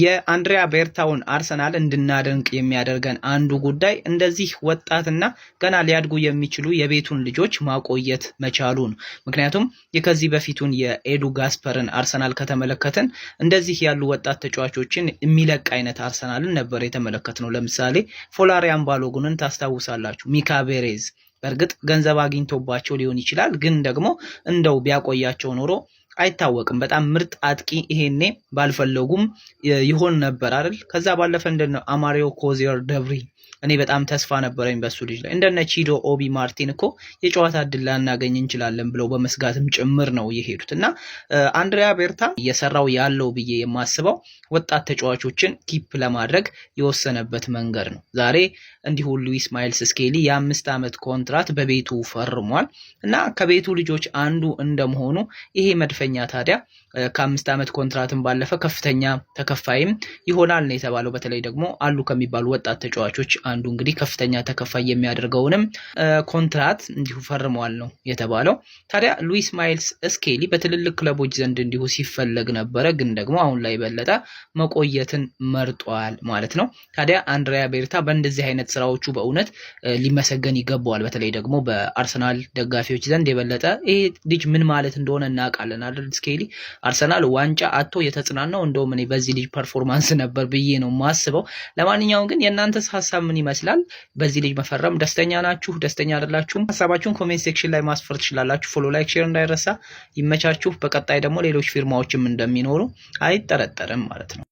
የአንድሪያ ቤርታውን አርሰናል እንድናደንቅ የሚያደርገን አንዱ ጉዳይ እንደዚህ ወጣትና ገና ሊያድጉ የሚችሉ የቤቱን ልጆች ማቆየት መቻሉ ነው። ምክንያቱም የከዚህ በፊቱን የኤዱ ጋስፐርን አርሰናል ከተመለከትን እንደዚህ ያሉ ወጣት ተጫዋቾችን የሚለቅ አይነት አርሰናልን ነበር የተመለከት ነው። ለምሳሌ ፎላሪያን ባሎጉንን ታስታውሳላችሁ። ሚካ ቤሬዝ በእርግጥ ገንዘብ አግኝቶባቸው ሊሆን ይችላል፣ ግን ደግሞ እንደው ቢያቆያቸው ኖሮ አይታወቅም። በጣም ምርጥ አጥቂ ይሄኔ ባልፈለጉም ይሆን ነበር አይደል? ከዛ ባለፈ እንደነ አማሪዮ ኮዚየር ደብሪ እኔ በጣም ተስፋ ነበረኝ በሱ ልጅ ላይ እንደነ ቺዶ ኦቢ ማርቲን እኮ የጨዋታ እድል ላናገኝ እንችላለን ብለው በመስጋትም ጭምር ነው የሄዱት እና አንድሪያ ቤርታ እየሰራው ያለው ብዬ የማስበው ወጣት ተጫዋቾችን ኪፕ ለማድረግ የወሰነበት መንገድ ነው። ዛሬ እንዲሁ ሉዊስ ማይልስ ስኬሊ የአምስት ዓመት ኮንትራት በቤቱ ፈርሟል እና ከቤቱ ልጆች አንዱ እንደመሆኑ ይሄ መድፈ ጋዜጠኛ ታዲያ ከአምስት ዓመት ኮንትራትን ባለፈ ከፍተኛ ተከፋይም ይሆናል ነው የተባለው። በተለይ ደግሞ አሉ ከሚባሉ ወጣት ተጫዋቾች አንዱ እንግዲህ ከፍተኛ ተከፋይ የሚያደርገውንም ኮንትራት እንዲሁ ፈርመዋል ነው የተባለው። ታዲያ ሉዊስ ማይልስ እስኬሊ በትልልቅ ክለቦች ዘንድ እንዲሁ ሲፈለግ ነበረ፣ ግን ደግሞ አሁን ላይ በለጠ መቆየትን መርጧል ማለት ነው። ታዲያ አንድሪያ ቤርታ በእንደዚህ አይነት ስራዎቹ በእውነት ሊመሰገን ይገባዋል። በተለይ ደግሞ በአርሰናል ደጋፊዎች ዘንድ የበለጠ ይሄ ልጅ ምን ማለት እንደሆነ እናውቃለን ማድሪድ ስኬሊ አርሰናል ዋንጫ አቶ የተጽናናው እንደውም እኔ በዚህ ልጅ ፐርፎርማንስ ነበር ብዬ ነው ማስበው። ለማንኛውም ግን የእናንተስ ሀሳብ ምን ይመስላል? በዚህ ልጅ መፈረም ደስተኛ ናችሁ? ደስተኛ አይደላችሁም? ሀሳባችሁን ኮሜንት ሴክሽን ላይ ማስፈር ትችላላችሁ። ፎሎ፣ ላይክ፣ ሼር እንዳይረሳ። ይመቻችሁ። በቀጣይ ደግሞ ሌሎች ፊርማዎችም እንደሚኖሩ አይጠረጠርም ማለት ነው።